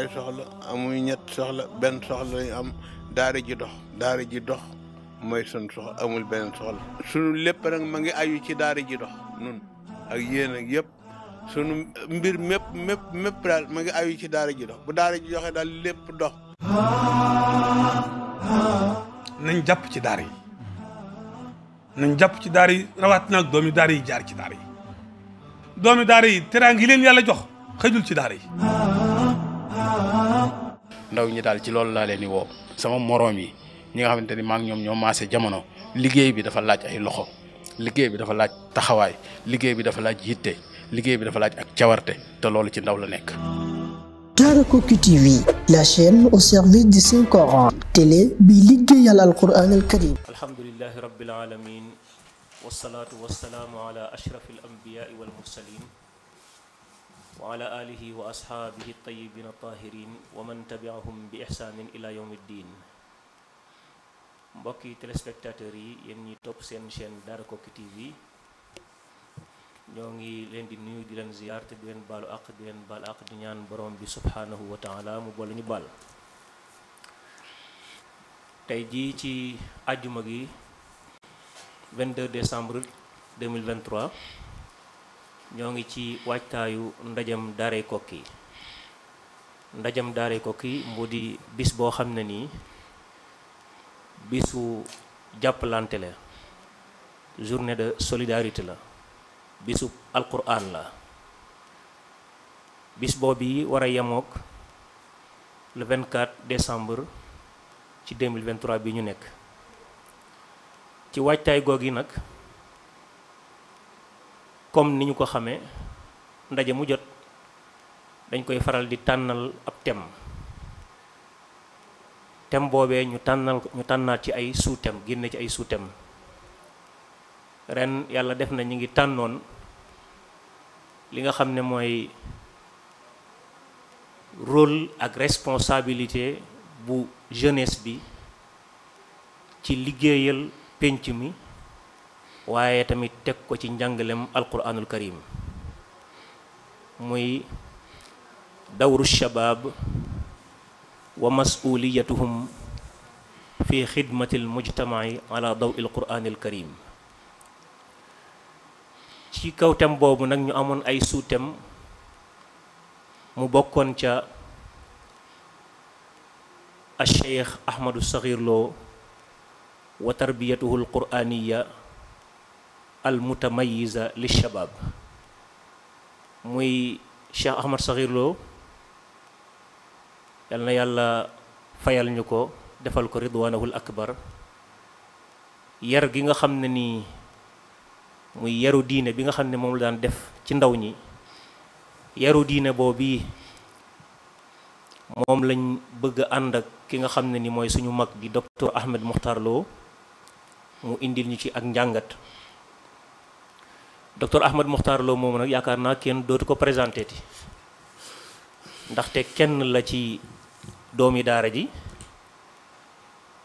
ñaari soxla amuñu ñett soxla benn soxla lañu am daara ji dox daara ji dox mooy sun soxla amul benn soxla sunu lépp ma ngi ayu ci daara ji dox nun ak yéen ak sunu mbir mépp mépp mépp daal ma ngi ayu ci daara ji dox bu daara ji doxee daal lépp dox nañ jàpp ci daara yi jàpp ci daara yi doomi daara yi jaar ci daara yi doomi daara yàlla jox xëjul ci daar yi ndaw ñi daal ci loolu laa leen di woo sama moroom yi ñi nga xamante ni maak ngi ñoom ñoo maase jamono liggéey bi dafa laaj ay loxo liggéey bi dafa laaj taxawaay liggéey bi dafa laaj yitte liggéey bi dafa laaj ak cawarte te loolu ci ndaw la nekk. Daarakoki TV la chaîne au service du Saint Coran télé bi liggéeyal al Quran al Karim. alhamdulillahi rabbil alamin wasalaatu wasalaamu ala ashrafil anbiyaai wal mursalin wa ala alihi wa ashaabihi tayyibin tahirin wa tabiahum bi ihsaanin ila yawmi ddin mbokki téléspectateurs yi yéen ñi topp seen chaîne Daara Koki TV ñoo ngi leen di nuyu di leen ziyaar te di leen baalu àq di leen baal àq di ñaan borom bi subhaanahu wa mu boole ñu baal tey jii ci àjjuma gi 22 décembre 2023 ñoo ngi ci waajtaayu ndajam daaray kokki ndajam daaray kokki mu di bis boo xam ne nii bisu jàppalante la journée de solidarité la bisu alquran la bis boobu yi war a yemook le 24 décembre ci 2023 bi ñu nekk ci waajtaay googi nag comme ni ñu ko xamee ndaje mu jot dañ koy faral di tànnal ab thème thème boobee ñu tànnal ñu tànnaat ci ay sous-thème ci ay suuteem ren yàlla def na ñu ngi tànnoon li nga xam ne mooy rôle ak responsabilité bu jeunesse bi ci liggéeyal pénc mi waaye tamit teg ko ci njàngalem alquranul karim muy dawru shabaab wa masuliyatuhum fi xidmati almujtamaci ala daw il quraanil karim ci kaw boobu nag ñu amoon ay suutem mu bokkoon ca al cheikh ahmadu saxiir wa tarbiyatuhu alquraaniya al mutamayyiza li shabaab muy Cheikh Ahmad Saxiir Lo yal na yàlla fayal ñu ko defal ko ridwaanahul akbar yar gi nga xam ne nii muy yaru diine bi nga xam ne moom la daan def ci ndaw ñi yaru diine boobu moom lañ bëgg a ànd ak ki nga xam ne ni mooy suñu mag bi docteur Ahmed Mokhtar Lo mu indil ñu ci ak njàngat docteur Ahmed Mokhtar Lo moom nag yaakaar naa kenn dootu ko présenté ti ndaxte kenn la ci doomi daara ji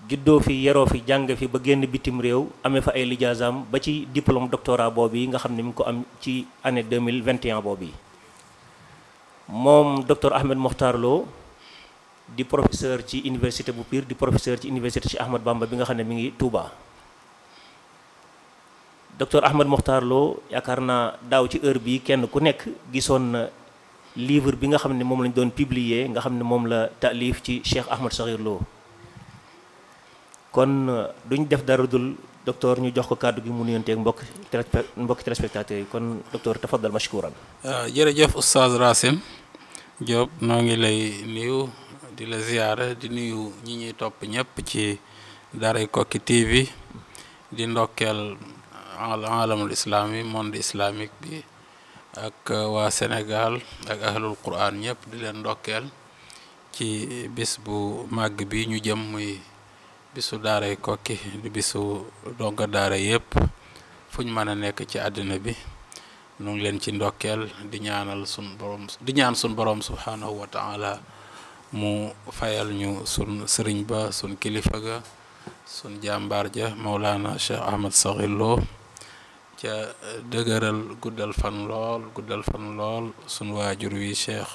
juddoo fi yeroo fi jàng fi ba génn bitim réew amee fa ay lijaasam ba ci diplôme doctorat boobu yi nga xam ne mi ngi ko am ci anne année 2021 boobu yi moom docteur Ahmed Mokhtar Lo di professeur ci université bu piir di professeur ci université Cheikh Ahmad Bamba bi nga xam ne mi ngi Touba. docteur Ahmed Mokhtar Lo yaakaar naa daaw ci heure bi kenn ku nekk gisoon na livre bi nga xam ne moom lañ doon publier nga xam ne moom la taalif ci Cheikh Ahmed Sakhir Lo kon euh, duñ def dara dul docteur ñu jox ko kàddu gi mu nuyonteeg mbokk mbokki téléspectateurs yi kon docteur tafaddal mashkuran euh, jërëjëf oustaz Rasim Diop noo ngi lay nuyu di la ziyaara di nuyu ñi ñuy topp ñëpp ci Daaray Koki TV di ndokkeel alamul islami monde islamique bi ak uh, waa Sénégal ak ahlul quran ñëpp di leen ndokkeel ci bis bu màgg bi ñu jëm muy bisu daaray kokki di bisu donga daara yëpp fuñ ñu mën a nekk ci àddina bi nu ngi leen ci ndokkeel di ñaanal sun borom di ñaan subhanahu wa mu fayal ñu sun sëriñ ba sun kilifa ga sun jàmbaar ja Mawlana Cheikh Ahmad Sakhir Eh, dëgëral guddal fan lool guddal fan lool sunu waajur wi cheikh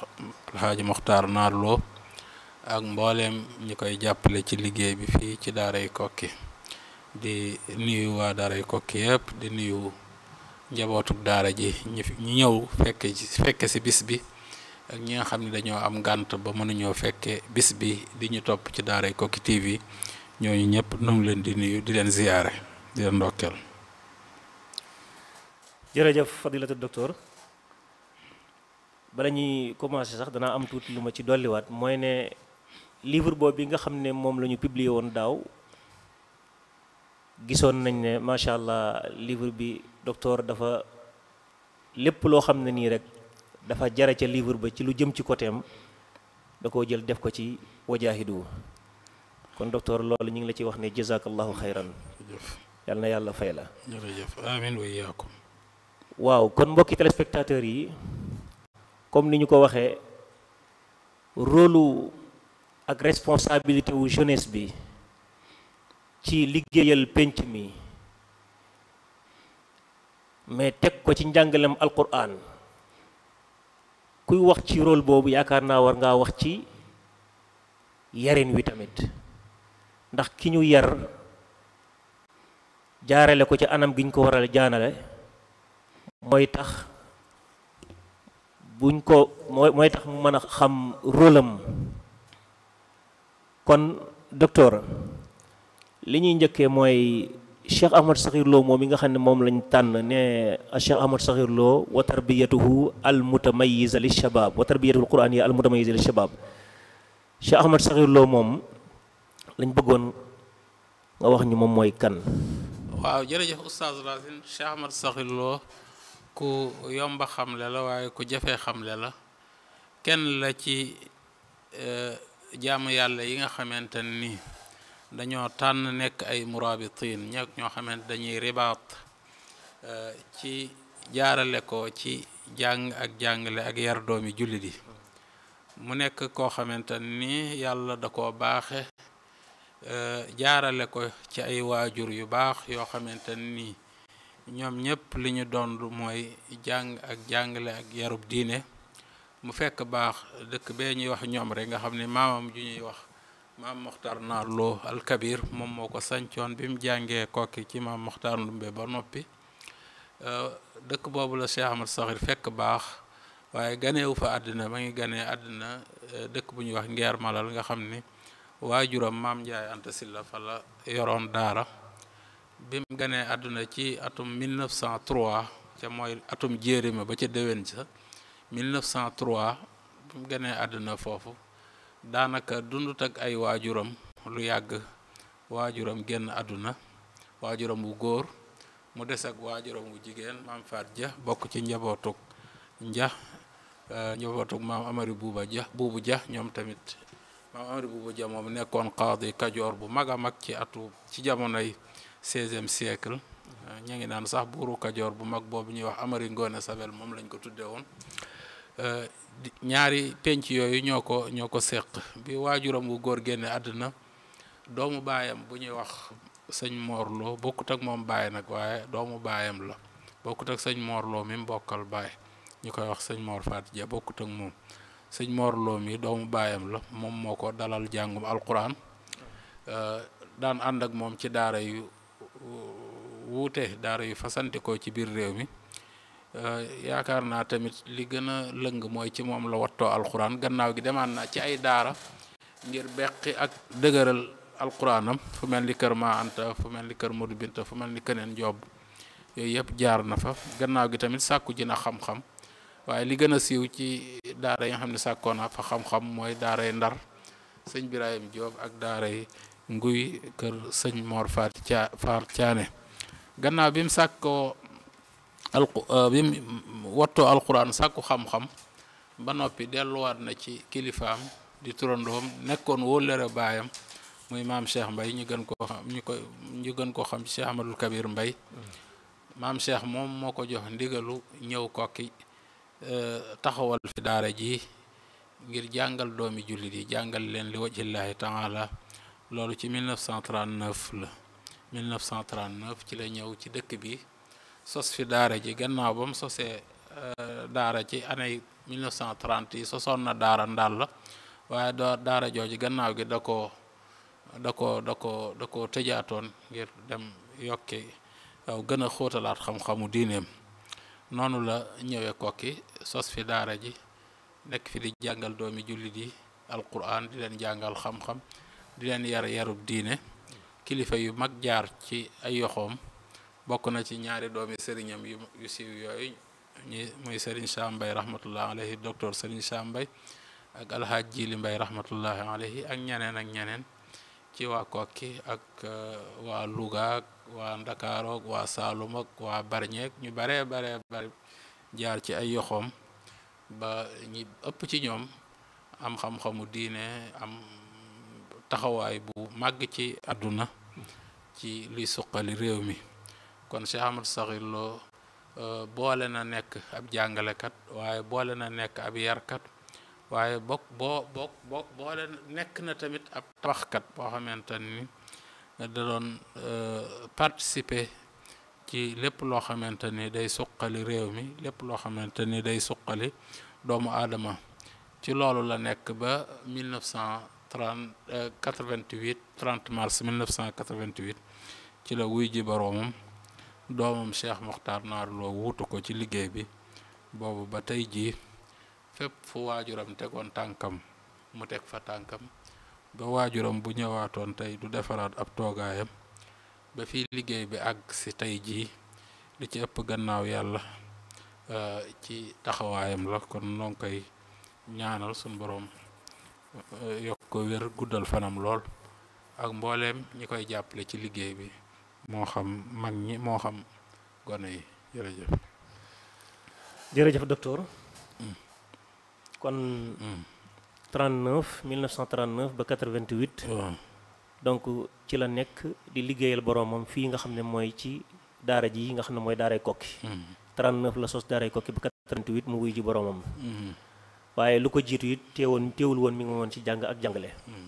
alxaaji moxtaar naar loo ak mbooleem ñi koy jàppale ci liggéey bi fii ci daaray kokki di nuyu waa daaray kokki yëpp di nuyu njabootuk daara ji ñi ñëw fekke fekke si bis bi ak ñi nga xam ne dañoo am ngànt ba mënuñoo fekke bis bi di ñu topp ci daaray kokki tv ñooñu ñëpp nu ngi leen di nuyu di leen ziyaare di leen ndokkeel jërëjëf fadilatu docteur bala ñuy commencé sax danaa am tuuti lu ma ci dolliwaat mooy ne livre boobu bi nga xam ne moom la ñu publier woon daaw gisoon nañ ne macha allah livre bi docteur dafa lépp loo xam ne nii rek dafa jara ca livre ba ci lu jëm ci côté am da koo jël def ko ci wajaahidu kon docteur loolu ñu ngi la ci wax ne jazakallahu xayran yal na yàlla fay la waaw kon mbokki téléspectateurs yi comme ni ñu ko waxee rôlu ak responsabilité wu jeunesse bi ci liggéeyal pénc mi mais teg ko ci njàngalem alquran kuy wax ci rôle boobu yaakaar naa war ngaa wax ci yarin wi tamit ndax ki ñu yar jaarale ko ci anam gi ñu ko waral jaanale mooy tax buñ ko mooy mooy tax mu mën a xam rôlam kon docteur li ñuy njëkkee mooy Cheikh Ahmad Sakhir moom yi nga xam ne moom lañ tànn ne Cheikh Ahmad Sakhir Lo wa tarbiyatuhu al mutamayyiza li shabab wa tarbiyatuhu al qur'aniyya al Ahmad Sakhir moom lañ bëggoon nga wax ñu moom mooy kan ku yomba xamle la waaye ku jafee xamle la kenn la ci e, jàmm yàlla yi nga xamante ni dañoo tànn nekk ay murabitin ñeg ñoo xamante dañuy ribaat e, ci jaarale ko ci jàng ak jàngale ak yar doomi jullit yi mu nekk koo xamante ni yàlla da ko baaxe e, jaarale ko ci ay waajur yu baax yoo xamante ni ñoom ñëpp li ñu doon mooy jàng ak jàngale ak yarub diine mu fekk baax dëkk bee ñuy wax ñoom rek nga xam ne maamam ju ñuy wax maam Moxtar Naar loo alkabiir moom moo ko sancoon bi mu jàngee kokki ci maam Moxtar Ndumbe ba noppi euh, dëkk boobu la Cheikh Ahmad Saxir fekk baax waaye ganewu fa àddina ma ngi ganee àddina euh, dëkk bu ñuy wax Ngeer Malal nga xam ni waajuram maam Njaay Anta Silla fa la yoroon daara bi mu àdduna ci atum 1903 ca mooy atum jéerima ba ca déwén sa 1903 bi àdduna foofu daanaka dundut ak ay waajuram lu yàgg waajuram génn àdduna waajuram wu góor mu des ak waajuram wu jigéen maam Faat Ja bokk ci njabootug nja euh, njabootug maam Amari Buubu Ja ñoom tamit maam Amari Buubu Ja moom nekkoon qaadi Kajoor bu mag a mag ci atu ci jamonoy seizième siècle euh, ñu ngi naan sax buuru kajoor bu mag boobu ñuy wax Amari Ngoone Sabel moom lañ ko tuddee woon euh, ñaari penc yooyu ñoo ko ñoo ko seq bi waajuram wu góor génne àdduna doomu baayam bu ñuy wax sëñ moorloo bokkut ak moom baay nag waaye doomu baayam la bokkut ak sëñ moorloo mi mbokkal baay ñu koy wax sëñ moor faat ja bokkut ak moom sëñ moorloo mi doomu baayam la moom moo ko dalal jàngum alquran euh, daan ànd ak moom ci daara yu wuute daara yu fasante ci biir réew mi euh, yaakaar naa tamit li gën a lëng mooy ci moom la watto alxuraan gannaaw gi demaat na ci ay daara ngir beqi ak dëgëral alxuraanam fu mel ni kër Ma Anta fu mel ni kër Modou Binta fu mel ni keneen Joob yooyu yëpp jaar na fa gannaaw gi tamit sàkku ji na xam-xam waaye li gën a siiw ci daara yi nga xam ne sàkkoo naa fa xam-xam mooy daaray Ndar sëñ Birahim Joob ak daara yi nguy kër sëñ Mor Faat Caane gannaaw bi mu sàkkoo alqu euh, bi wattoo alquran sàkku xam-xam ba noppi delluwaat na ci kilifaam di turandoom nekkoon wóllëre baayam muy maam Cheikh Mbay ñu gën ko ñu xam ci Ahmadul Kabir Mbay maam Cheikh moom moo ko jox ndigalu ñëw kokki euh, taxawal fi daara ji ngir jàngal doomi jullit yi jàngal leen li wajhillaahi taala loolu ci 1939 la 1939 ci la ñëw ci dëkk bi sos fi daara ji gannaaw ba sosee euh, daara ci année 1930 yi sosoon na daara ndàll la waaye daara jooju gannaaw gi da koo da koo da koo da koo tëjaatoon ngir dem yokki aw gën a xóotalaat xam-xamu diineem noonu la ñëwee kokki sos fi daara ji nekk fi di jàngal doomi jullit yi alquran di leen jàngal xam-xam di leen yar yarub diine kilifa yu mag jaar ci ay yoxoom bokk na ci ñaari doomi sëriñam yu yu siiw yooyu ñi muy sëriñ Sambay rahmatullah alayhi docteur sëriñ Sambay ak alhaaj Jili Mbay rahmatullahi ak ñeneen ak ñeneen ci waa Kokki uh, ak waa Louga waa Ndakaaru waa Saalum waa Barñeek ñu baree baree bare jaar ci ay yoxoom ba ñi ëpp ci ñoom am xam-xamu diine am taxawaay bu màgg ci àdduna ci luy suqali réew mi kon si Ahmadou Sakhir Lo euh, boole na nekk ab jàngalekat waaye boole na nekk ab yarkat waaye bokk boo bokk boole nekk na tamit ab tabaxkat boo xamante ni da doon euh, participer ci lépp loo xamante ni day suqali réew mi lépp loo xamante ni day suqali doomu aadama ci loolu la nekk ba 30 88 30 mars 1988 ci la wuy ji boroomam doomam Cheikh Mokhtar Naar Lo wuutu ko ci liggéey bi boobu ba tey jii fépp fu waajuram tegoon tànkam mu teg fa tànkam ba waajuram bu ñëwaatoon tey du defaraat ab toogaayam ba fi liggéey bi ak si tey jii li ci ëpp gannaaw yàlla euh, ci taxawaayam la kon noo ngi ñaanal suñu boroom Eh, yokk ko wér guddal fanam lool ak mbooleem ñi koy jàppale ci liggéey bi moo xam mag ñi moo xam gone yi jërëjëf jërëjëf docteur mm. kon 39 mm. 1939 ba 88 donc ci la nekk di liggéeyal boroomam fii nga xam ne mooy ci daara ji nga xam ne mooy daaray kokki 39 mm. la sos daaray kokki ba 88 mu wuy ji boroomam waaye lu ko jiitu it teewoon teewul woon mi nga woon ci jàng ak jàngale. Hmm.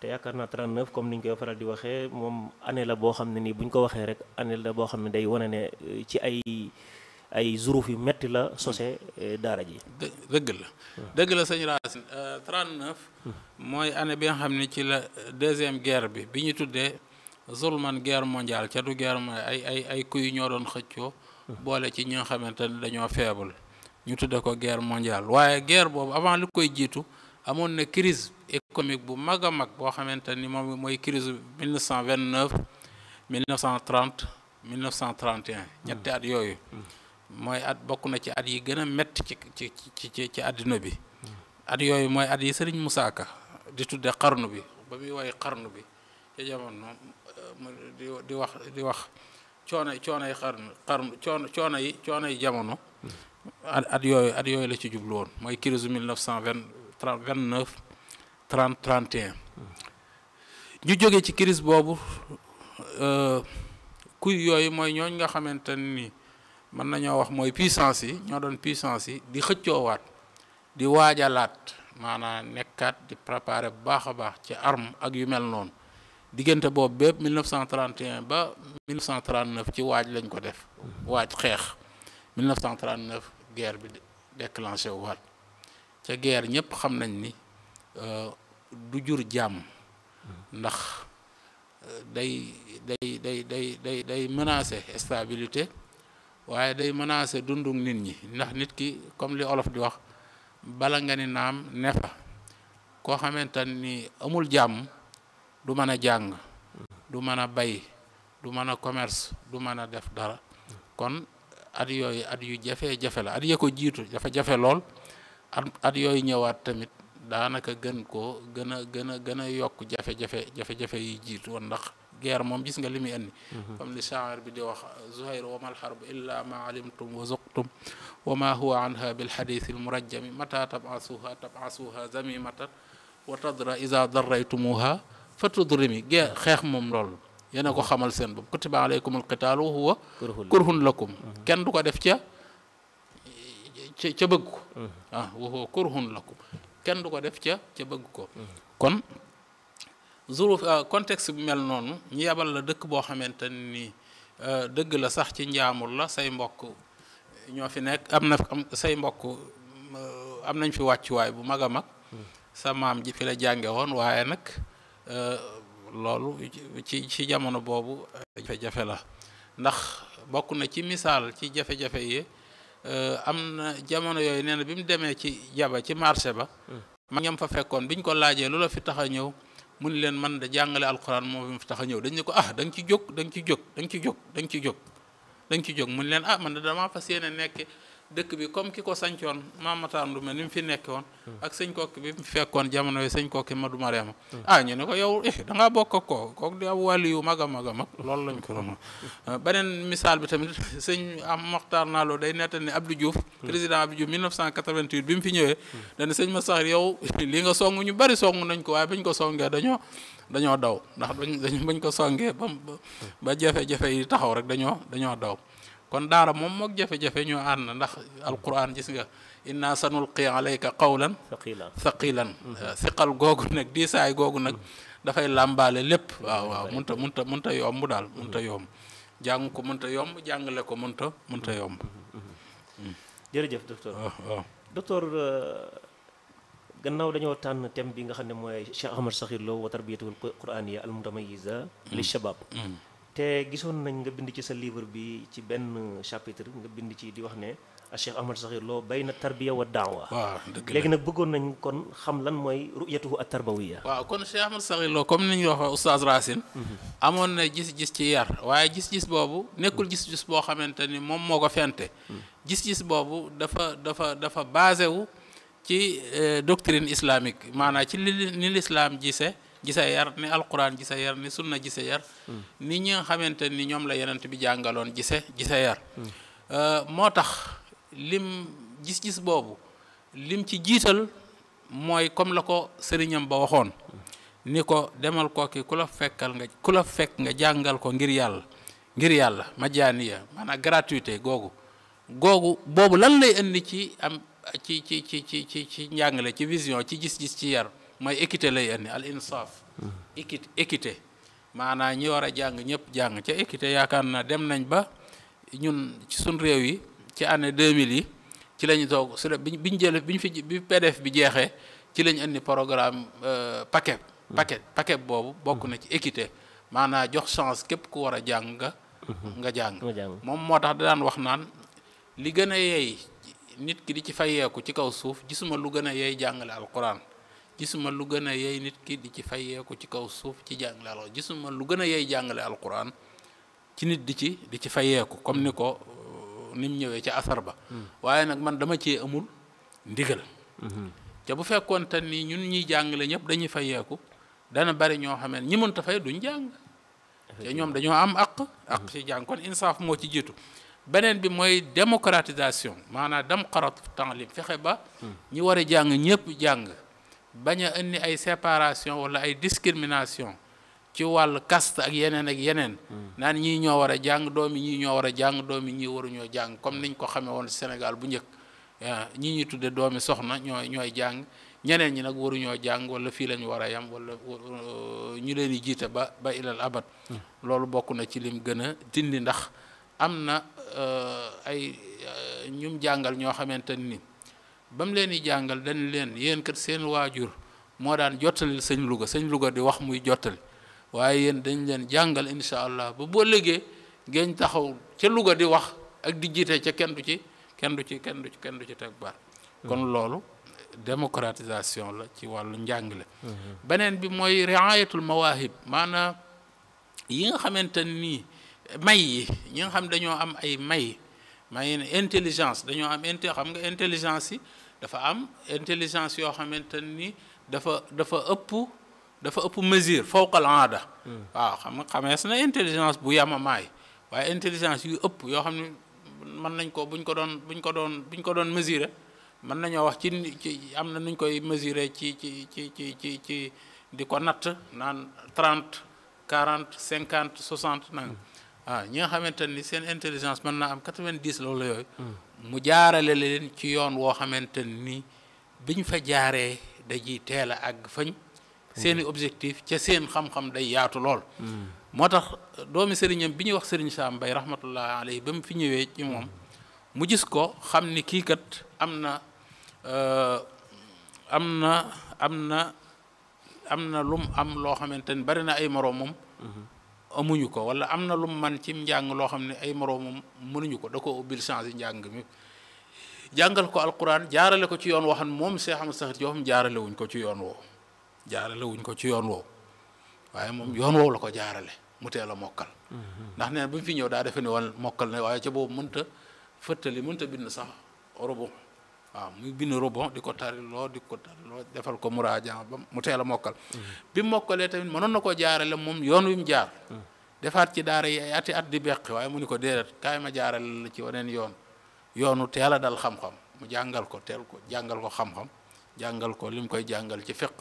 te yaakaar naa 39 comme niñ koy faral di waxee moom année la boo xam ne nii buñ ko waxee rek année la boo xam ne day wane ne eh, ci ay ay zuruf yu metti la sose eh, daara ji. dëgg la. Hmm. dëgg la sëñ Racine 39. Euh, hmm. mooy année bi nga xam ne ci la euh, deuxième guerre bi bi ñu tuddee zulman guerre mondiale ca du guerre ay ay ay kuy ñoo doon xëccoo. boole ci ñi nga xamante ne dañoo faible. ñu tuddee ko guerre mondiale waaye guerre boobu avant lu koy jiitu amoon na crise économique bu mag a mag boo xamante ni moom mooy crise 1929 1930 1931 ñetti at yooyu mooy at bokk na ci at yi gën a métti ci ci ci ci ci bi at yooyu mooy at yi sëriñ Moussa Ka di tudde xarnu bi ba muy woy xarnu bi ci jamono di wax di wax coono coono yi xarnu xarnu coono coono yi coono yi jamono at at yooyu at yooyu la ci jublu woon mooy crise mille neuf cent vingt vingt neuf trente ñu jóge ci crise boobu euh, kuy yooyu mooy ñooñ nga xamante ni mën nañoo wax mooy puissance yi ñoo doon puissance yi di xëccoo waat di waajalaat maanaam nekkaat di préparer bu baax a baax ci arme ak yu mel noonu diggante boobu bépp 1931 ba 1939 ci waaj lañ ko def waaj xeex 1939 guerre bi déclenché wu ca guerre ñëpp xam nañ ni euh, du jur jàmm ndax euh, day day day day day day menacer stabilité waaye day menacer dundu nit ñi ndax nit ki comme li olof di wax bala nga ni naam ne fa koo xamante ni amul jàmm du mën a jàng du mën a bay du mën a commerce du mën a def dara kon at yooyu at yu jafe-jafe la at ya ko jiitu dafa jafe lool at yooyu ñëwaat tamit daanaka gën koo gën a gën a gën a yokk jafe-jafe yi jiitu woon ndax guerre moom gis nga li indi mhm. comme li shaar bi di wax zuhayr wa mal harb illa ma alimtum wa zuqtum wa huwa anha bil hadith al murajjami mata tabasuha tabasuha zamimatan wa tadra iza darraytumuha fatudrimi guerre xeex moom loolu yéen ko xamal seen bopp kutiba alaykumul qitaalu huwa kurhun lakum kenn du ko def ca ca ca bëgg ko ah huwa kenn du ko def ca ca bëgg ko kon zuruf ah, bu mel noonu ñu yebal la dëkk boo xamante ni ah, dëgg la sax ci njaamur la say mbokk ñoo fi nekk am na am say mbokk ah, am nañ fi wàccuwaay bu mag a mag sa maam ji fi la jàngewoon waaye nag loolu ci ci jamono boobu euh, jafe-jafe la ndax bokk na ci misaal ci jafe-jafe yi euh, am na jamono yooyu nee na bi mu demee ci jaba ci marché ba hmm. ma ñam fa fekkoon bi ñu ko laajee lu la fi tax a ñëw mun leen man da jàngale alxuraan moom fi mu tax a ñëw dañu ne ko ah da nga ci jóg da nga ci jóg da nga ci jóg da nga ci jóg da nga leen ah man da damaa fas yéene nekk dëkk bi comme ki ko sancoon maam Matar Ndoumé ni mu fi nekkoon. Hmm. ak sañ kokki bi mu fekkoon jamono yi sëñ kokki Madou Mariama hmm. ah ñu ne ko yow eh da ngaa bokk ak koo kooku di ab wàllu yu mag a mag a mag loolu lañ ko ma hmm. euh, beneen misaal bi tamit sëñ am Mokhtar Nalo day netta ni Abdou Diouf. président Abdou Diouf 1988 bi mu fi ñëwee. dañu sëñ Massar yow li nga song ñu bari song nañ ko waaye bañ ko songee dañoo. dañoo daw ndax dañ bañ ko songee ba ba jafe-jafe yi taxaw rek dañoo dañoo daw kon daara moom mook jafe-jafe ñoo ànd ndax alquran gis nga inna sanulqi alayka qawlan thaqilan mm-hmm. siqal googu nag diisaay googu nag mm-hmm. dafay làmbaale lépp waaw waaw munta munta munta yomb daal munta mm-hmm. yomb jàng ko munta yomb jàngale ko munta munta yomb jërëjëf docteur waaw ah, ah. docteur euh, gannaaw dañoo tànn thème bi nga xam ne mooy Cheikh Ahmad Sakhir Lo wa tarbiyatuhu al quraniya al mutamayyiza li shabab te gisoon nañ nga bind ci sa livre bi ci benn chapitre nga bind ci di wax ne ah, Cheikh Ahmad Sakhir Lo bayna tarbiya wa daawa waaw léegi nag bëggoon nañ kon xam lan mooy ru'yatuhu at tarbawiya waaw kon Cheikh Ahmad Sakhir Lo comme ni ñu wax Oustaz Racine mhm. amoon na gis-gis ci yar waaye gis-gis boobu nekkul mhm. gis-gis boo xamante ni moom moo ko fente mhm. gis-gis boobu dafa dafa dafa basé wu ci euh, doctrine islamique maanaa ci li lislaam l'islam ji sa yar ni alquran ji sa yar ni sunna ji sa yar ni ñi nga xamante ni ñoom la yenent bi jàngaloon gise ji sa yar euh, moo tax lim gis-gis boobu lim ci jiital mooy comme la ko sëriñam ba waxoon ni ko demal kooki ku la fekk nga jàngal ko ngir yàlla ngir yàlla majaaniya maanaam gratuité googu googu boobu lan lay indi ci am ci ci ci ci ci ci njàngale ci vision ci gis-gis ci yar mooy équité lay indi al insaf équité équité maanaam ñi war a jàng ñëpp jàng ca équité yaakaar na dem nañ ba ñun ci suñ réew yi ci année 2000 yi ci lañu toog su bi bi ñu jëlee bi ñu fi bi PDF bi jeexee ci lañ indi programme euh, paquet paquet paquet boobu bokk na ci équité maanaam jox chance képp ku war a jàng nga nga jàng moom moo tax da daan wax naan li gën a yeey nit ki di ci fayeeku ci kaw suuf gisuma lu gën a yeey jàngale alquran gisuma lu gën a yey nit ki di ci fayeeku ci kaw suuf ci jàngale alxuraan gisuma lu gën a yey jàngale alxuraan ci nit di ci di ci fayeeku comme ni ko uh, ni mu ñëwee ci asar ba hmm. waaye nag man dama cee amul ndigal te hmm. bu fekkoon te ni ñun ñuy jàngale ñëpp dañuy fayeeku dana bari ñoo xamee ñi mënta fay duñ jàng te ñoom dañoo am àq hmm. àq ci jàng kon insaaf moo ci jiitu beneen bi mooy démocratisation maanaam dem temps taalim fexe ba ñi war a jàng ñëpp jàng bañ a indi ay séparation wala ay discrimination ci wàll kast ak yeneen ak yeneen hmm. naan ñi ñoo war a jàng doomi ñii ñoo war a jàng doomi ñii waruñoo jàng comme hmm. niñ ko xamee woon Sénégal bu njëkk ñi ñuy tuddee doomi soxna ñooy ñooy jàng ñeneen ñi nag waruñoo jàng wala fii lañu war a yam wala uh, ñu leen di jiite ba ba ilal abat hmm. loolu bokk na ci lim gën a dindi ndax am na uh, ay uh, ñum jàngal ñoo xamante ni ba mu leen di jàngal dañ leen yéen kat seen waajur moo daan jottalil sëñ Louga sëñ Louga di wax muy jottali waaye yéen dañ leen jàngal incha allah ba boo liggéey ngeen taxaw ca Louga di wax ak di jiite ca kenn du ci kenn du ci kenn du ci kenn du ci teg baat kon loolu démocratisation la ci wàllu njàngale beneen bi mooy riayatul mawahib maanaam yi nga xamante nii may yi ñi nga xam dañoo am ay may maa ngi ne intelligence dañoo am inte xam nga intelligence yi dafa am intelligence yoo xamante ni dafa dafa ëpp dafa ëpp mesure fawqal aada hmm. waaw xam nga xamees na intelligence bu yamamaay waaye intelligence yu ëpp yoo xam ne mën nañ ko buñ ko doon buñ ko doon buñ ko doon mesurer mën nañoo wax ci ci am na nuñ koy mesurer ci ci ci ci ci ci di ko natt naan trente quarante cinquante soixante nang ah ñi nga xamante ni seen intelligence mën naa am quatre-vingt-dix loolu yooyu hmm. mu jaarale leen ci yoon woo xamante ni biñ fa jaaree dañuy teel a àgg fañ hmm. seeni objectif ca seen xam-xam day yaatu lool hmm. moo tax doomi sëriñam bi ñuy wax sëriñ Sam Bay rahmatullah alayhi ba mu fi ñëwee ci moom mu gis ko xam ni kii kat am na euh, am na am na am na lum am loo xamante ni bari na ay moroomam amuñu ko wala am na lu mu man ci njàng loo xam ne ay moroomam mënuñu ko da ko ubbil chance njàng mi jàngal ko alquran jaarale ko ci yoon woo xam moom Cheikh Ahmadou Sakhir Diofam jaarale wuñ ko ci yoon woo jaarale wuñ ko ci yoon woo waaye moom yoon woowu la ko jaarale mu teel a mokkal mhm. ndax nee na bi mu fi ñëw daa defe ne woon mokkal na waaye ca boobu mënta fëttali mënta bind sax robo waaw muy bind rebond di ko tariloo di ko tariloo defal ko muraaja ba mu teel a mokkal bi mokkalee tamit mënoon na ko jaarale moom yoon wi mu jaar defaat ci daara yi ay ati at di beqi waaye mu ni ko déedéet kaay ma jaarale la ci waneen yoon yoonu teel a dal xam-xam mu jàngal ko teel ko jàngal ko xam-xam jàngal ko li mu koy jàngal ci fiq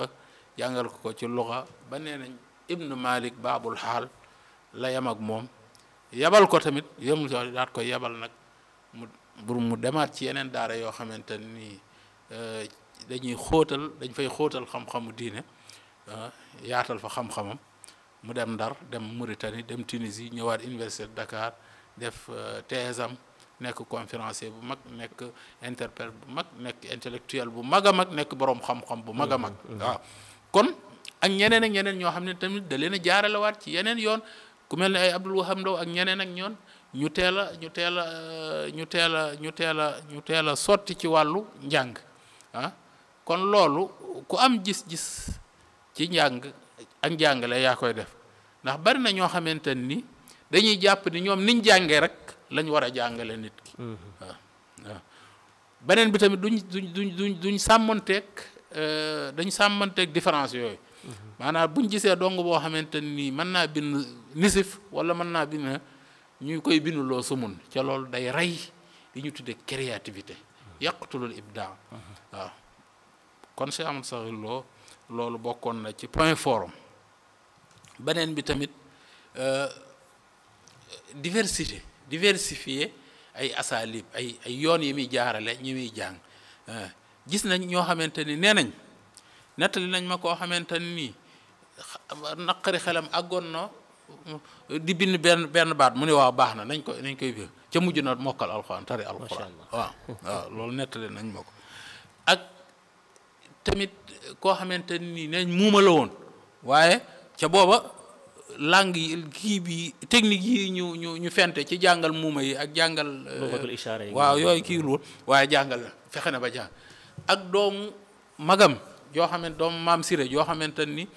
jàngal ko ci luxa ba nee nañ ibnu malik baabul xaal la yem ak moom yebal ko tamit yemul daat ko yebal nag pour mu demaat ci yeneen daara yoo xamante ni euh, dañuy xóotal dañ fay xóotal xam-xamu diine ah, yaatal fa xam-xamam mu dem Ndar dem Mauritanie dem Tunisie ñëwaat université Dakar def euh, thèse am nekk conférencier bu mag nekk interprète bu mag nekk intellectuel bu mag a mag nekk boroom xam-xam bu mag a mag mm-hmm, waaw mm-hmm. kon ak ñeneen ak ñeneen ñoo xam ne tamit da leen a jaaralewaat ci yeneen yoon ku mel ne ay Abdul Wahab Ndaw ak ñeneen ak ñoon ñu teel a ñu teel euh, ñu teel ñu teel a ñu teel a sotti ci wàllu njàng ah kon loolu ku am gis-gis ci njàng ak njàngale yaa koy def ndax bari na ñoo xamante ni dañuy jàpp ni ñoom niñ jàngee rek lañu war a jàngale nit ki mm-hmm. beneen bi tamit duñ duñ duñ duñ duñ sàmmanteeg euh, dañ sàmmanteeg différence yooyu mm-hmm. maanaam buñ gisee dong boo xamante ni mën naa bind nisif wala mën naa bind ñu koy binduloo sumun ca loolu day rey li ñu tuddee créativité yàqutulul ibdaa uh-huh. waaw kon Cheikh Ahmadou Sakhir Lo loolu bokkoon na ci point forum beneen bi tamit euh, diversité diversifier ay asalib ay ay yoon yi muy jaarale ñi muy jàng euh, gis nañ ñoo xamante ni nee nañ nettali nañ ma koo xamante ni naqari xelam àggoon na di bind benn benn baat mu ne waaw baax na nañ ko nañ koy biir ca mujj na mokkal alxuraan tari alxuraan waaw waaw loolu nettali nañ ma ak tamit koo xamante nii ne muuma la woon waaye ca booba langue yi kii bi technique yi ñu ñu ñu fente ci jàngal muuma yi ak jàngal euh, waaw yooyu kii lool waaye jàngal na fexe na ba jàng ak doomu magam joo xamante doomu maam siré joo xamante ni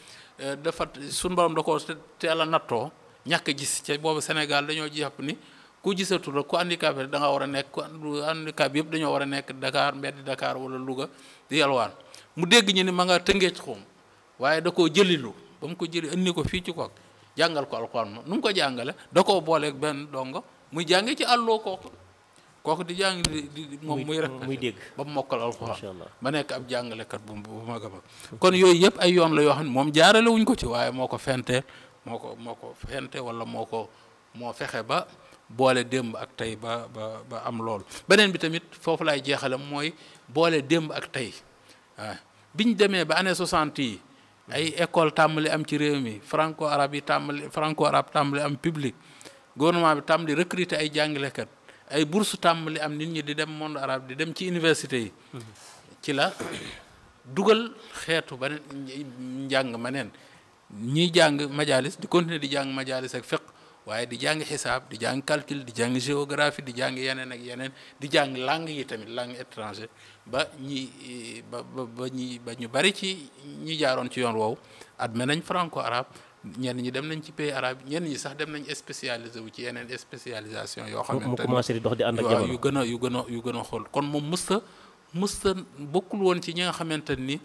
Euh, dafa suñu borom da ko teel a nattoo ñàkk a gis ca boobu Sénégal dañoo jàpp ni ku gisatul rek ku handicapé da nga war a nekk ku handicap yëpp dañoo war a nekk dakaar mbedd dakaar wala Louga di yalwaan mu dégg ñu ni ma nga tëngee ci xoom waaye da koo jëlilu ba mu ko jëli indi ko fii ci kook jàngal ko alxuraan ma nu mu ko jàngale da ko booleeg benn dongo muy jànge ci àlloo ko kooku di jàng moom muy rek muy dégg ba mu mokkal alxuraan ba nekk ab jàngalekat bu ma mag kon yooyu yëpp ay yoon la yoo xam ne moom jaarale wuñ ko ci waaye moo ko fente moo ko moo ko fente wala moo ko moo fexe ba boole démb ak tey ba ba ba am loolu beneen bi tamit foofu laay jeexale mooy boole démb ak tey waaw ah, biñ demee ba année 60 yi ay école tàmbali am ci réew mi franco arabe yi tàmbali franco arabe tàmbali am publique gouvernement bi tàmbali recruter ay jàngalekat ay bourse tàmbali am nit ñi di dem monde arabe di dem ci université yi ci la dugal xeetu ba njàng ma neen ñiy jàng majalis di continuer di jàng majalis ak fiq waaye di jàng xisaab di jàng calcul di jàng géographie di jàng yeneen ak yeneen di jàng langue yi tamit lang étranger ba ñi ba ba ñi ba ñu bari ci ñi jaaroon ci yoon woowu admet nañ franco arabe ñenn ñi dem nañ ci pays arabe ñenn ñi sax dem nañ spécialisé wu ci yeneen spécialisation yoo xamante ne mu commencé di dox di ànd ak jamono yu gën a yu gën a yu gën a xool kon moom mësta mësta bokkul woon ci ñi nga xamante ni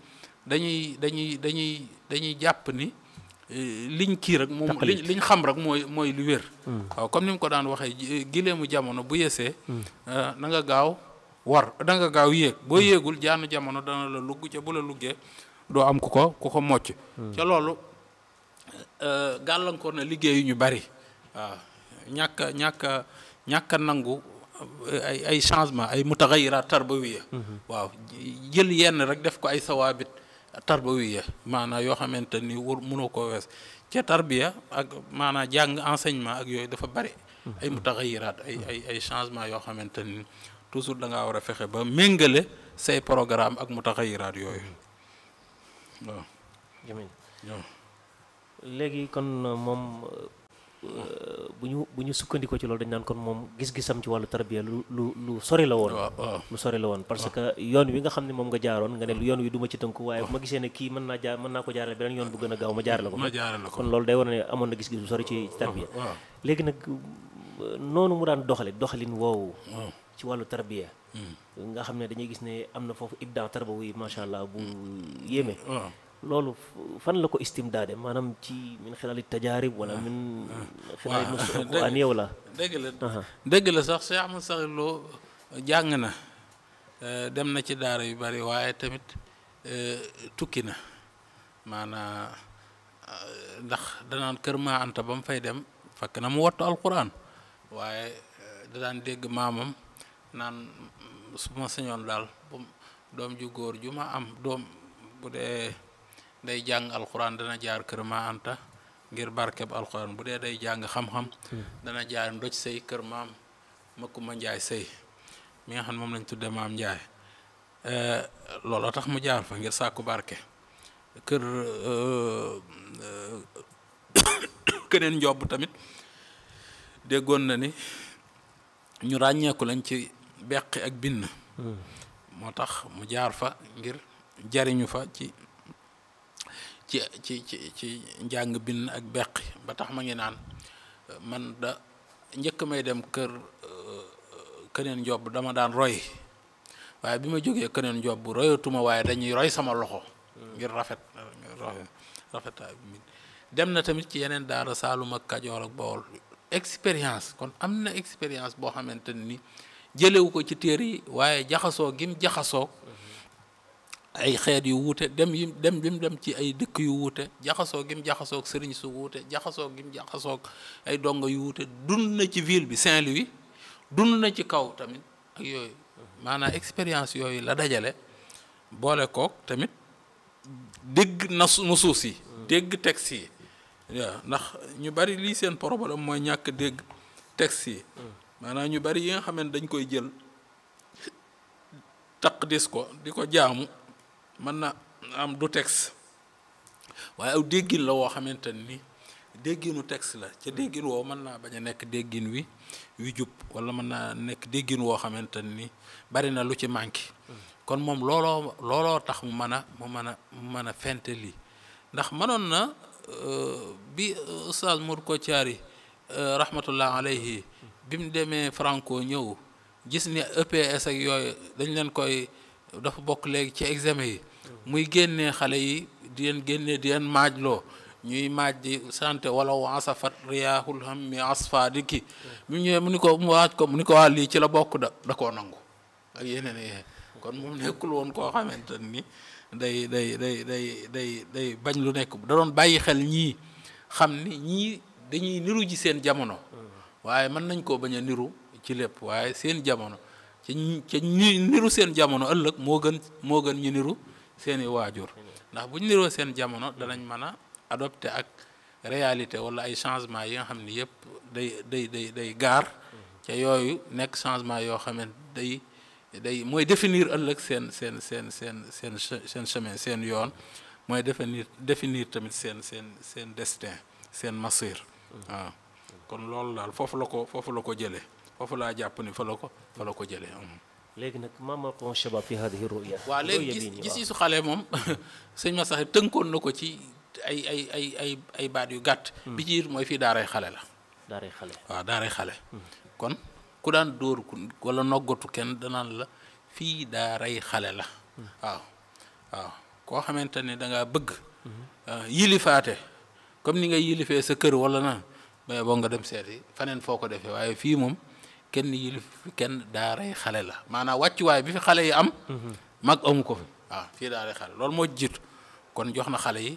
dañuy dañuy dañuy dañuy jàpp ni eh, liñ kii rek moom liñ xam rek mooy mooy lu wér hmm. waaw comme ni mu ko daan waxee eh, gileemu jamono bu yesee hmm. eh, na nga gaaw war da gaaw yéeg boo yéegul jaanu jamono dana la lugg ca bu la luggee doo am ku ko ku ko mocc hmm. ca loolu Euh, gàllankoor na liggéey ñu bari waaw ñàkk a ñàkk ñàkk a nangu ay ay changement ay mutaxayiraat tarbawiya mhm. waaw jël yenn rek def ko ay sawaabit tarbawiya maanaa yoo xamante ni war mënoo koo wees ca tarbiya ak maanaa jàng enseignement ak yooyu dafa bari mhm. ay mutaxayiraat ay ay ay changement yoo xamante ni toujours da ngaa war a fexe ba méngale say programme ak mutaxayiraat yooyu mhm. léegi kon euh, moom euh, bu ñu bu ñu sukkandikoo ci loolu dañ naan kon moom gis-gisam ci wàllu tarbiya lu lu lu sori la woon. lu sori la woon parce que yoon wi nga xam ne moom nga jaaroon nga ne yoon wi du ma ci tënku. waaye ma gisee ne ki mën naa jaar mën naa ko jaarale beneen yoon bu gën a gaaw ma jaarale ko. ko kon loolu day war ne amoon na gis-gis bu sori ci tarbiya. léegi nag euh, noonu mu daan doxale doxalin woowu. ci wàllu tarbiya. Hmm. nga xam ne dañuy gis ne am na foofu ibda tarbawi macha allah bu hmm. loolu fan la ko istimdaade maanaam ci min xilali tajaarib wala ah. min ah. xilali nusuuk an yow la dëgg la dëgg la sax Cheikh Ahmad Saxir Lo eh, jàng na eh, dem na ci daara yu bari waaye tamit eh, tukki na maanaa ndax danaan kër maa anta ba mu fay dem fakk na mu wattu alquran waaye danaan dégg maamam naan mm, su ma sañoon daal doom ju góor ju ma am doom bu dee day jàng alxuraan dana jaar kër ma anta ngir barkeb alxuraan bu dee day jàng xam-xam dana jaar ndoj sëy kër maam Makumba Njaay sëy mi nga xam ne moom lañ tudde maam Njaay eh, looloo tax mu jaar fa ngir sàkku barke kër eh, keneen tamit déggoon na ni ñu ràññeeku lañ ci beqi ak bind hmm. tax mu jaar fa ngir jariñu fa ci ci ci ci ci njàng bind ak beqi ba tax ma ngi naan man da njëkk may dem kër euh, keneen job dama daan roy waaye bi ma jógee keneen job bu royatuma waaye dañuy roy sama loxo ngir rafet rafetaay bi dem na tamit ci yeneen daara saaluma ak Kajoor ak Bawol expérience kon am na expérience boo xamante ni jëlewu ko ci téere yi waaye jaxasoo gim jaxasoo ay xeet yu wuute dem yi dem bi mu dem ci ay dëkk yu wuute jaxasoo gim jaxasoo ak sëriñ su wuute jaxasoo gim jaxasoo ay dongo yu wuute dund na ci ville bi Saint-Louis dund na ci kaw tamit ak yooyu maanaa expérience yooyu la dajale boole kook tamit dégg na nusuus yi dégg texte yi waaw ndax ñu bari lii seen problème mooy ñàkk dégg texte yi maanaam ñu bari yi nga xam ne dañ koy jël taqdis di ko jaamu mën na am du texte waaye aw déggin la woo xamante ni dégginu texte la ca déggin woo mën naa bañ a nekk déggin wi wi jub wala mën naa nekk déggin woo xamante ni bari na lu ci manqué kon moom looloo tax mu mën a mu mën a mu mën a fente lii ndax mënoon na euh, bi euh, Oustaz Mor Kotiari euh, rahmatullah alayhi bi mu demee Franco ñëw gis ni EPS ak yooyu dañ leen koy dafa bokk léegi ci examen yi muy génnee xale yi di leen génnee di leen maajloo ñuy maaj di santé wala wansafat a hammi asfa di kii mu ñëwee mu ni ko mu waaj ko mu ni ko waa lii ci la bokk da da koo nangu ak yeneen yeneen kon moom nekkul woon koo xamante ni day day day day day day bañ lu nekk da doon bàyyi xel ñii xam ni ñii dañuy niru ji seen jamono hmm. waaye mën nañ koo bañ niru ci lépp waaye seen jamono ci ñi ci niru seen jamono ëllëg moo gën moo gën ñu niru seeni waajur ndax bu ñu niroo seen jamono danañ mën a adopté ak réalité wala ay changement yi nga xam ni yëpp day day day day gaar ca yooyu nekk changement yoo xam ne day day mooy definir ëllëg seen seen seen seen seen seen chemin seen yoon mooy définir definir tamit seen seen seen destin seen masir mm. waaw kon loolu daal foofu la ko foofu la ko jëlee foofu laa jàpp ni fa la ko fa la ko jëlee. Hmm. léegi nag maama kon shabab fi hadihi ruya waaw léegi gis gis su xale moom sëñ ma sax tënkoon na ko ci ay ay ay ay ay baat yu gàtt. Hmm. bi ci it mooy fii daaray xale la. daaray xale waaw daaray xale. Hmm. kon ku daan dóor ku wala noggatu kenn danaan la fii daaray xale la. waaw waaw koo xamante ne da bëgg. Ah, yilifaate comme ni ngay yilifee sa kër wala naa mais boo nga dem seeti faneen foo ko defee waaye fii moom. kenn yilif fi kenn daaray xale la maanaam wàccuwaay bi fi xale yi am. mag amu ko fi waaw fii daaray xale loolu moo jiitu kon jox na xale yi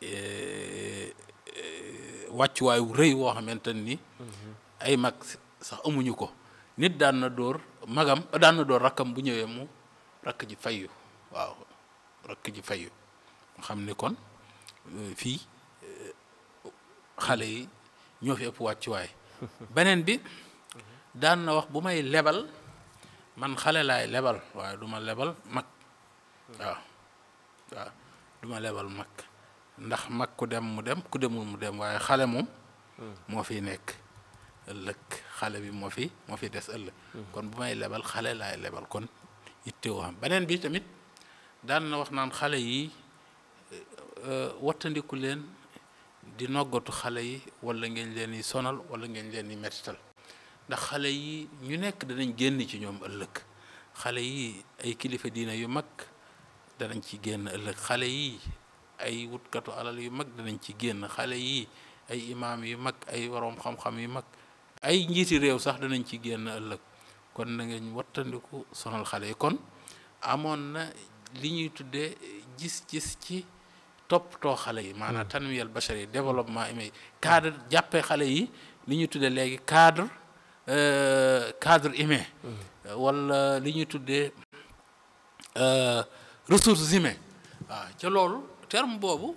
e, e, wàccuwaay wu rëy woo xamante ni. mag sax amuñu ko nit daan na dóor magam daan na dóor rakkam bu ñëwee mu rakk ji fayyu waaw rakk ji xam ni kon e, fii xale yi ñoo fi ëpp wàccuwaay beneen bi. daan na wax bu may lebal man xale laay lebal waaye duma lebal mag waaw waaw du lebal mag ndax mag ku dem mu dem ku demul mu dem waaye xale moom moo fi nekk ëllëg xale bi moo fi moo fi des ëllëg kon bu may lebal xale laay lebal kon ittewoo xam beneen bi tamit daan na wax naan xale yi euh, euh, wattandiku leen di noggatu xale yi walla ngeen leen di sonal wala ngeen leen di mettital ndax xale yi ñu nekk danañ génn ci ñoom ëllëg xale yi ay kilifa diina yu mag danañ ci génn ëllëg xale yi ay wutkatu alal yu mag danañ ci génn xale yi ay imaam yu mag ay waroom xam-xam yu mag ay njiiti réew sax danañ ci génn ëllëg kon na ngeen wattandiku sonal xale yi kon amoon na li ñuy tuddee gis-gis ci toppatoo xale yi maanaam hmm. tanwiyal bachar yi développement humain cadre jàppee xale yi li ñuy tuddee léegi cadre Euh, cadre humain wala li ñuy tuddee euh, ressources humaines waaw ca loolu terme boobu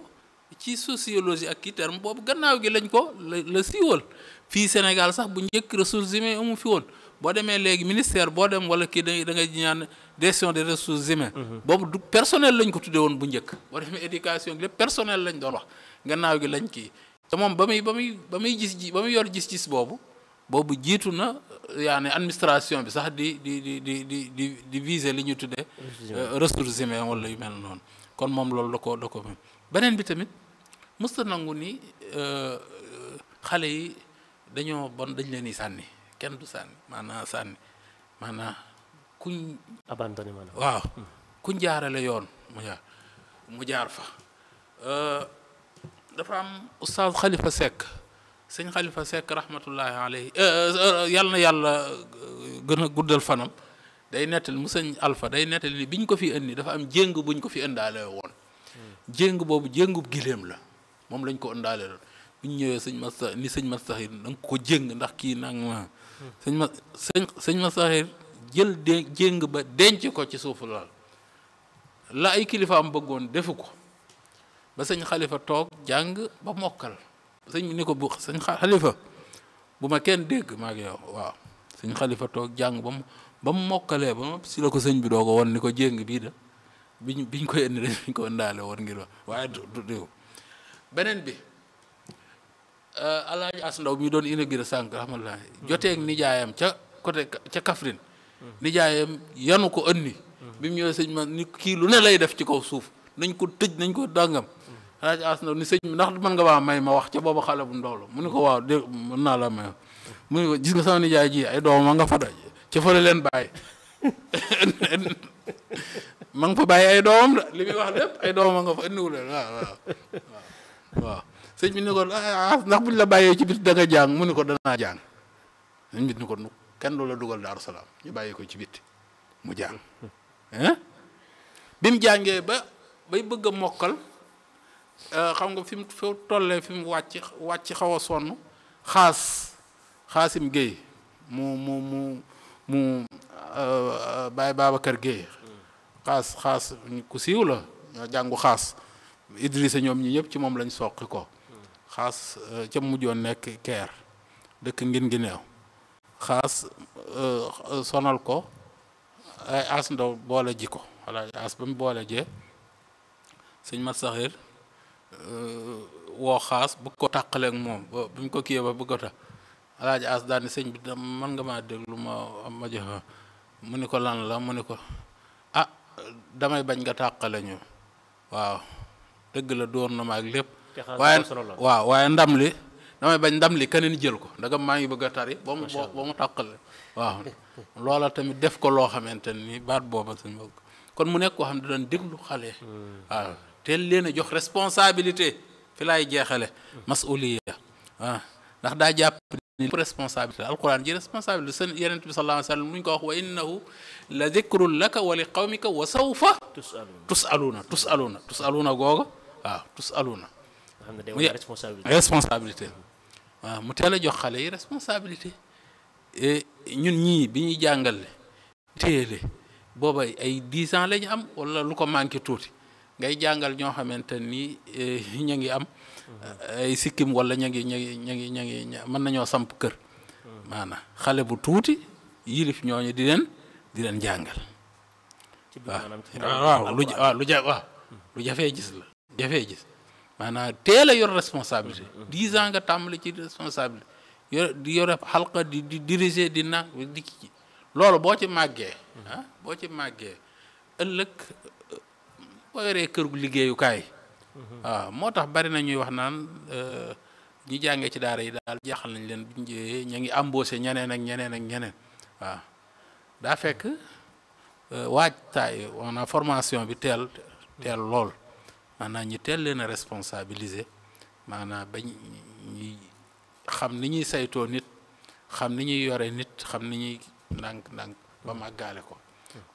ci sociologie ak kii terme boobu gannaaw gi lañ ko la siiwal fii Sénégal sax bu njëkk ressources humaines amu fi woon boo demee léegi ministère boo dem wala kii da ngay ñaan gestion des ressources humaines mhm. boobu du personnel lañ ko tuddee woon bu njëkk boo demee éducation gi lépp personnel lañ doon wax gannaaw gi lañ kii te moom ba muy ba muy ba muy gis ji ba muy yor gis boobu boobu jiitu na yaani administration bi sax di di di di di di di viser li ñu tuddee ressources humaines euh, wala yu mel noonu kon moom loolu da ko da ko mel beneen bi tamit musta nangu ni euh, xale yi dañoo bon dañ leen di sànni kenn du sànni maanaa sànni maanaam kuñ abandonné maanaam waaw hmm. kuñ jaarale yoon mu jaar fa euh, dafa am oustaz Khalifa Seck sëñ Khalifa Seck rahmatullahi alayhi euh, euh, yàlla na yàlla euh, gën a guddal fanam day nettali mu sëñ Alpha day nettali ni bi ñu ko fi indi dafa am jéng buñ ko fi indaale woon jéng boobu jéngub la moom lañ ko indaale loon sëñ Masta ni ko jéng ndax kii nag ma sëñ ma jël de jéng ba denc ko ci suufu laal la ay kilifa bëggoon defu ko ba sëñ xalifa toog jàng ba mokkal sëñ ni ko bu sëñ xalifa bu ma kenn dégg maag yow waaw sëñ xalifa toog jàng ba mu ba mu mokkalee ba ma si la ko sëñ bi doo ko won ni ko jéng bii da biñ biñ koy indi dañ ko indaale woon waaye du beneen bi euh, alaaji as ndaw mi doon inauguré sànq rahmatulah joteeg nijaayam ca côté ca Kaffrine hmm. nijaayam yanu ko ënni hmm. bi mu ñëwee sëñ ma ni kii lu ne lay def ci kaw suuf nañ ko tëj nañ ko dàngam alaaji as ndaw ni sëñ bi ndax mën nga waa may ma wax ca booba xale bu ndaw la mu ni ko waaw dé mën naa la may mu ni ko gis nga sama nijaay ji ay doomam a nga fa ca fële leen bàyyi ma nga fa bàyyi ay doomam da li muy wax lépp ay doomam nga fa indiwu leen waaw waaw sëñ bi ni ko ah, ah, as ndax buñ la bàyyee ci biti da nga mu ni ko danaa jàng sëñ bi ni ko nu kenn la dugal daaru salaam ñu bàyyi ko ci biti mu jàng bi mu jàngee ba bay bëgg mokkal Euh, xam nga fi mu fi tollee fi mu wàcc wàcc xawa sonn xaas xaasim Guèye mu mu mu mu euh, Baye Babacar Guèye xaas xaas ku siiw la ñoo jàngu xaas Idrissa ñoom ñi ñëpp ci moom lañ soqi ko xaas euh, ca mujjoon nekk keer dëkk ngin gi neew xaas sonal ko ay as ndaw boole ji ko walla as ba mu boole jee sëñ mat Euh, woo xaas bëgg ko tàqaleeg moom ba buñ ko kiyee ba bëgg ko as daal ni sëñ bi man nga maa déglu ma ma joxe mu ni ko lan la mu ni ko ah damay bañ nga tàqale ñu waaw dëgg la door na ma ak lépp waaye waaw waaye ndam li damay bañ ndam li keneen jël ko ndaga maa ngi bëgg a tari ba mu ba waaw loola tamit def ko loo xamante nii baat booba suñ kon mu nekk koo xam ne doon déglu xale hmm. teel leen a jox responsabilité fi laay jeexale masuliya waaw ah, ndax daa jàpp ni responsabilité alquran ji responsabilité seen yonent bi sallallahu alayhi wa sallam mu ñu ko wax wa innahu la dikrun laka wa li qawmika wa sawfa tusaluna tusaluna tusaluna googa waaw tusaluna responsabilité waaw mu teel a jox xale yi responsabilité e, ñun ñi bi ñuy jàngale téele booba ay dix ans la ñu am wala lu ko manqué tuuti ngay jàngal ñoo xamante ni eh, ñu ngi am mm-hmm. ay sikkim wala ñu ngi ñu ngi mën nañoo samp kër mm-hmm. maanaam xale bu tuuti yilif ñooñu di leen di leen jàngal waaw waaw lu waaw lu ja waaw lu jafee gis la jafee gis maanaam teel a yor responsabilité mm-hmm. dix ans nga tàmbali ci responsabilité yor di yore xalqa di di diriger di na di ki loolu boo ci màggee ah, boo ci màggee ëllëg boo yoree kër gu liggéeyukaay. waaw ah, moo tax bari na ñuy wax naan eh, ñi jàngee ci daara yi daal jaaxal nañ leen bu ñu ña ngi embauché ñeneen ak ñeneen ak ñeneen waaw ah, daa fekk eh, waajtaay on a formation bi teel teel lool maanaam ñi teel leen a responsabiliser maanaam bañ ñi xam ni ñuy saytoo nit xam ni ñuy yore nit xam ni ñuy ndànk ndànk ba màggaale ko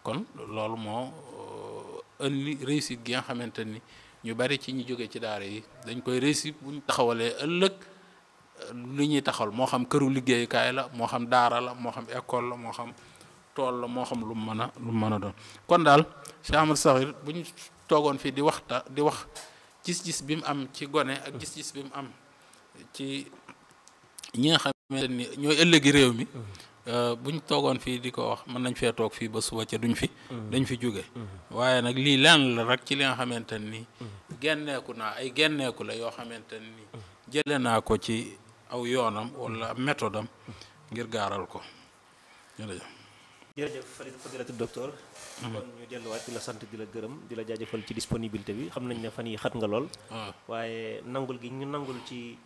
kon loolu moo. ënli réussite gi nga xamante ni ñu bari ci ñu jóge ci daara yi dañ koy réussir bu ñu taxawalee ëllëg lu ñuy taxawal moo xam këru liggéeyukaay la moo xam daara la moo xam école la moo xam tool la moo xam lu mu mën a lu mu mën a doon kon daal Cheikh Ahmad Sakhir bu toogoon fii di waxta di wax gis-gis bi mu am ci gone ak gis-gis bi mu am ci ñi nga xamante ni ñooy ëllëgi réew mi Euh, buñ toogoon fii di ko wax mën nañ fee toog fii ba suba ca duñ fi. Mm-hmm. dañ fi jóge mm-hmm. waaye nag lii lenn la rek ci li nga xamante ni. Mm-hmm. genneeku naa ay genneeku la yoo xamante ni. jële naa ko ci aw yoonam wala méthode am ngir gaaral ko jërëjëf. jërëjëf Farid Fadilatu docteur. kon la sant di la gërëm di la jaajëfal ci bi xam nañ ne fan yi xat nga lool. Ah. waaye nangul gi ñu nangul ci.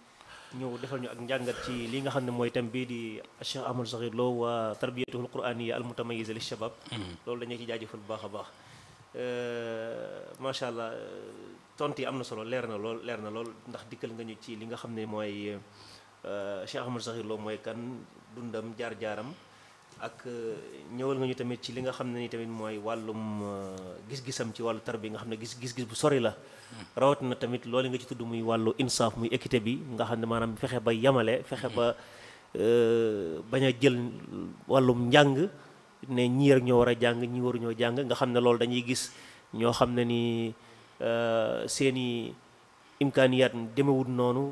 ñëw defal ñu ak njàngat ci li nga xam ne mooy thème bii di Cheikh Ahmadou Sakhir Lo wa tarbiyatuhul qur'aniyya al mutamayyiza li shabab mm-hmm. loolu dañu ci jaajëfal bu baax a baax euh, macha allah euh, tont yi am na solo leer na lool leer na lool ndax dikkal nga ñu ci li nga xam ne mooy euh, Cheikh Ahmadou Sakhir Lo mooy kan dundam jaar-jaaram ak euh, ñëwal nga ñu tamit ci li nga xam ne ni tamit mooy wàllum euh, gis-gisam ci wàllu tarbi nga xam ne gis gis-gis bu sori la hmm. rawatina tamit loolu nga ci tudd muy wàllu insaaf muy équité bi nga xam ne maanaam fexe ba yamale fexe ba euh, bañ a jël wàllum njàng ne ñii rek ñoo war a jàng ñii waruñoo jàng nga xam ne loolu dañuy gis ñoo xam ne ni seeni imkaaniyaat demewut noonu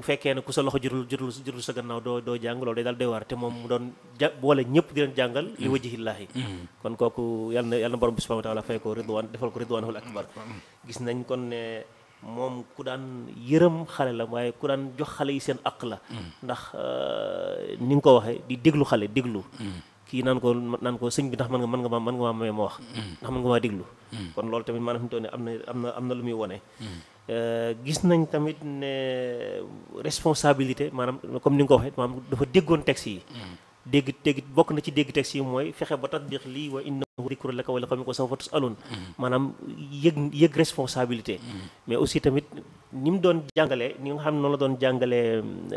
bu fekkee ne ku sa loxo jurul jurul sa gannaaw doo doo jàng loolu day daal doy waar te moom mu doon ja boole ñëpp di leen jàngal li mm. wajhillaahi mm. kon kooku yàlla na yàlla na borom bi subhaanahu wa taala fay ko ridwaan ko mm. gis nañ kon ne moom ku daan yërëm xale la waaye ku daan jox xale yi seen aq la ndax euh, ni nga ko waxee di déglu xale déglu kii naan ko naan ko sëñ bi ndax mën nga man nga ma mën nga ma wax ndax mën nga maa déglu kon loolu tamit maanaam fi mu toll ne am na am na am na lu muy wone Euh, gis nañ tamit ne responsabilité maanaam comme ni nga ko waxee maanaam dafa déggoon texte yi hmm. dégg dégg bokk na ci dégg texte yi mooy fexe ba tatbiq lii wa innahu dikru laka wa li qawmika sawfa aloon hmm. maanaam yëg yëg responsabilité hmm. mais aussi tamit ni mu doon jàngale ni nga xam ne noonu la doon jàngale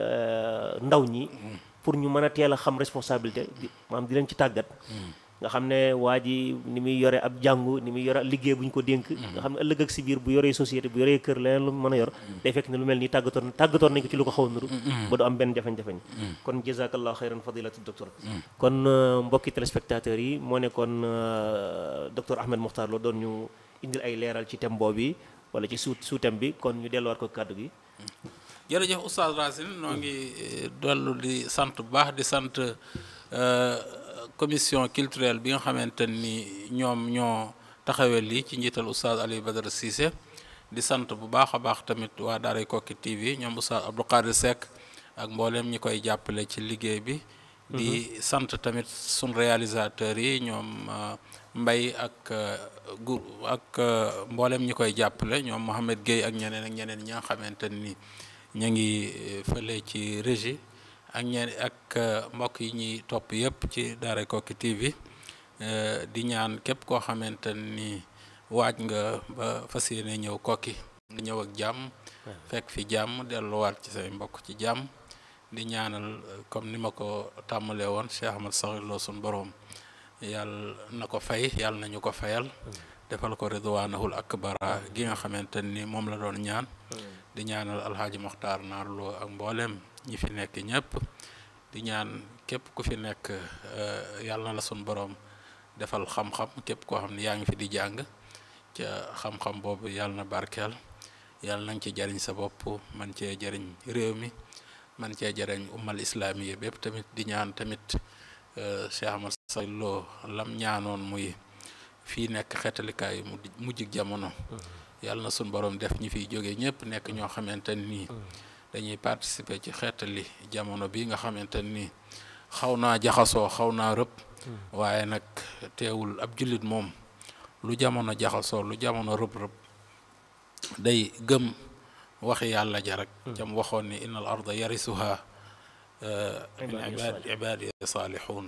euh, ndaw ñi pour ñu mën a teel a xam responsabilité maanaam di leen ci tàggat nga xam ne waa ji ni muy yore ab jàngu ni muy yore ab liggéey bu ñu ko dénk mm-hmm. nga xam ne ëllëg ak si biir bu yoree société bu yoree kër leneen lu mën a yor mm-hmm. day fekk ne lu mel nii tàggatoon nañ ko ci lu ko xaw a nuru mm-hmm. ba du am benn jafe-jafe kon jazakallahu xayran fadilatu docteur kon euh, mbokki téléspectateurs yi moo nekkoon euh, docteur Ahmed Mokhtar Lo doon ñu indil ay leeral ci thème bi wala ci suu suu thème bi kon ñu delluwaat ko kàddu gi jërëjëf oustaz Racine noo ngi euh, dollu di sant bu baax di sant commission culturelle bi nga xamante ni ñoom ñoo taxawee lii ci njiital oustaz Aliou Badara Cissé di sant bu baax a baax tamit waa Daaray Koki TV ñoom oustaz Abdou Qadir Seck ak mbooleem ñi koy jàppale ci liggéey bi mhm. di sant tamit sun réalisateur yi ñoom euh, Mbay ak euh, gu ak euh, mboolem ñi koy jàppale ñoom Mohamed ak ñeneen ak ñeneen ñi nga xamante ni ñu fële ci régie ak ñeen ak euh, mbokk yi ñuy topp yëpp ci Daaray Koki TV euh, di ñaan képp koo xamante ni waaj nga ba fas yéene ñëw Koki ñëw ak jàmm ah. fekk fi jàmm delluwaat ci say mbokk ci jàmm di ñaanal comme ni ma ko tàmmalee woon Cheikh Ahmad Sakhir Lo boroom yàlla na ko fay yàlla nañu ko fayal hmm. defal ko ak akbara gi nga xamante ni moom la doon ñaan hmm. di ñaanal alxaaji Moxtaar Naar Lo ak mbooleem ñi fi nekk ñëpp di ñaan képp ku fi nekk eh, yàlla la sun boroom defal xam-xam képp koo xam ne yaa ngi fi di jàng ca xam-xam boobu yàlla na barkeel yàlla na ci jariñ sa bopp man cee jariñ réew mi man cee jariñ ummal islaamiya bépp tamit di ñaan tamit eh, Cheikh Ahmad Say Lo lam ñaanoon muy fii nekk xetalikaay mu mujjig jamono mm-hmm. yàlla sun borom def ñi fiy jóge ñëpp nekk ñoo xamante nii mm-hmm. dañuy participer ci xeetali jamono bi nga xamante ni xaw naa jaxasoo xaw naa rëpp hmm. waaye nag teewul ab jullit moom lu jamono jaxasoo lu jamono rëpp rëpp day gëm waxi yàlla ja rek hmm. jam waxoon ni inna al arda yarisuha hmm. eh, min ibaad ibaadi saalihun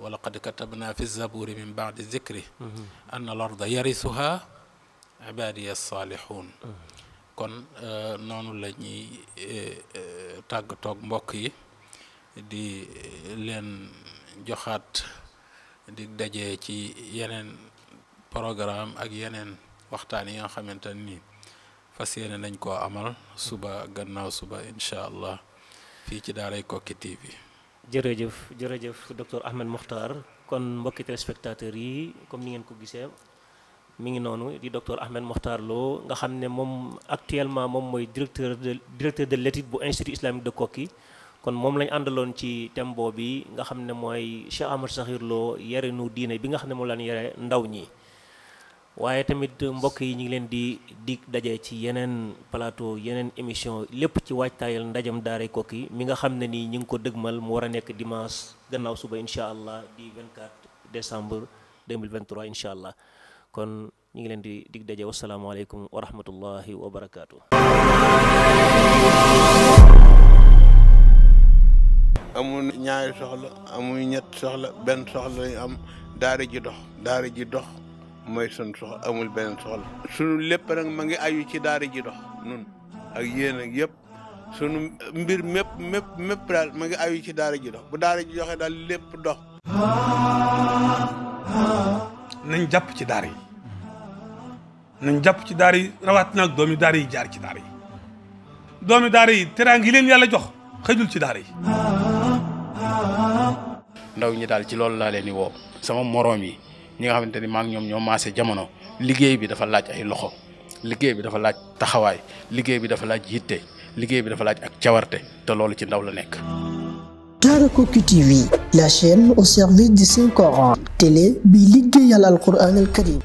wa laqad katabna fi zaburi min baadi zikri anna al arda kon euh, noonu la ñuy euh, euh, tàggatoog mbokk yi di leen joxaat di daje ci yeneen programme ak yeneen waxtaan yi nga xamante ni fas yéene nañ ko amal suba gannaaw suba incha allah fii ci daaray Koki TV. jërëjëf jërëjëf docteur Ahmed Mokhtar kon mbokki téléspectateurs yi comme ni ngeen ko gisee. mi ngi noonu di docteur Ahmed Mokhtar Lo nga xam ne moom actuellement moom mooy directeur de directeur de l'étude bu institut islamique de Koki kon moom lañ àndaloon ci thème bi nga xam ne mooy Cheikh Ahmad Sakhir Lo yare nu diine bi nga xam ne moom laan yare ndaw ñi waaye tamit mbokk yi ñu ngi leen di di daje ci yeneen palaato yeneen émission lépp ci waajtaayal ndajam daaray Koki mi nga xam ne nii ñu ngi ko dëgmal mu war a nekk dimanche gannaaw suba incha allah di 24 décembre 2023 incha allah kon ñu ngi leen di dig daje wasalaamaaleykum wa rahmatullahi wa ñaari soxla amul ñett soxla benn soxla lañu am daara ji dox daara ji dox mooy sun soxla amul benn soxla sunu lépp nag ma ngi ayu ci daara ji dox nun ak yéen ak sunu mbir mépp mépp mépp daal ayu ci daara ji dox bu daara ji doxee daal lépp dox nañ jàpp ci daar yi nañ jàpp ci daar yi rawaat naag doomi daar yi jaar ci daara yi yi daar yi teraang yi leen yàlla jox xëjul ci daar yi ndaw ñi daal ci loolu laa leen di woo sama moroom yi ñi nga xamante ni maak ñoom ñoo maase jamono liggéey bi dafa laaj ay loxo liggéey bi dafa laaj taxawaay liggéey bi dafa laaj yitte liggéey bi dafa laaj ak cawarte te loolu ci ndaw la nekk Daarakoki TV la chaîne au service du Saint Coran télé bi liggéeyal al Qur'an al Karim